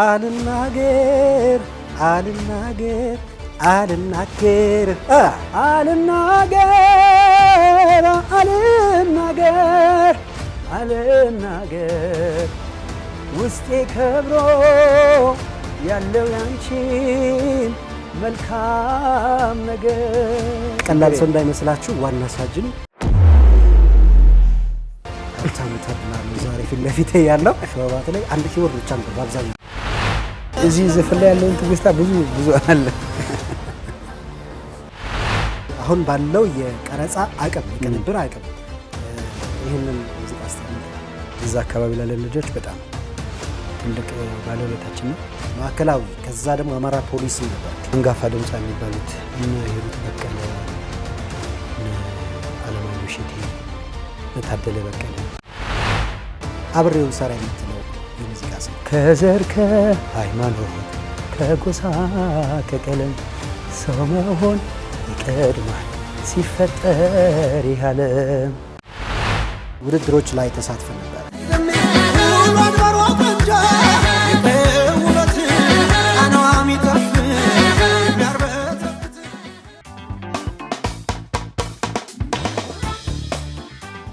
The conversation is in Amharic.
አልናገር አልናገር አልናገር አልናገር አልናገር አልናገር ውስጤ ከብሮ ያለው ያንቺን መልካም ነገር ቀላል ሰው እንዳይመስላችሁ። ዋና ሳጅን ዛሬ ፊት ለፊቴ ያለው ሸበባት ላይ አንድ ኪቦርድ ብቻ ነው በአብዛኛው እዚህ ዘፈን ላይ ያለውን ትግስታ ብዙ ብዙ አለ። አሁን ባለው የቀረጻ አቅም የቅንብር አቅም ይህንን ሙዚቃ አስተምር እዛ አካባቢ ላለ ልጆች በጣም ትልቅ ባለውለታችን ነው። ማዕከላዊ ከዛ ደግሞ አማራ ፖሊስ ነበር። አንጋፋ ድምፃ የሚባሉት እነ ሂሩት በቀለ፣ አለማየሁ እሸቴ፣ ታደለ በቀለ አብሬውን ሰራ የምትል የሙዚቃ ስም ከዘር ከሃይማኖት ከጎሳ ከቀለም ሰው መሆን ይቀድማል ሲፈጠር ይህ ዓለም ውድድሮች ላይ ተሳትፈ ነበር።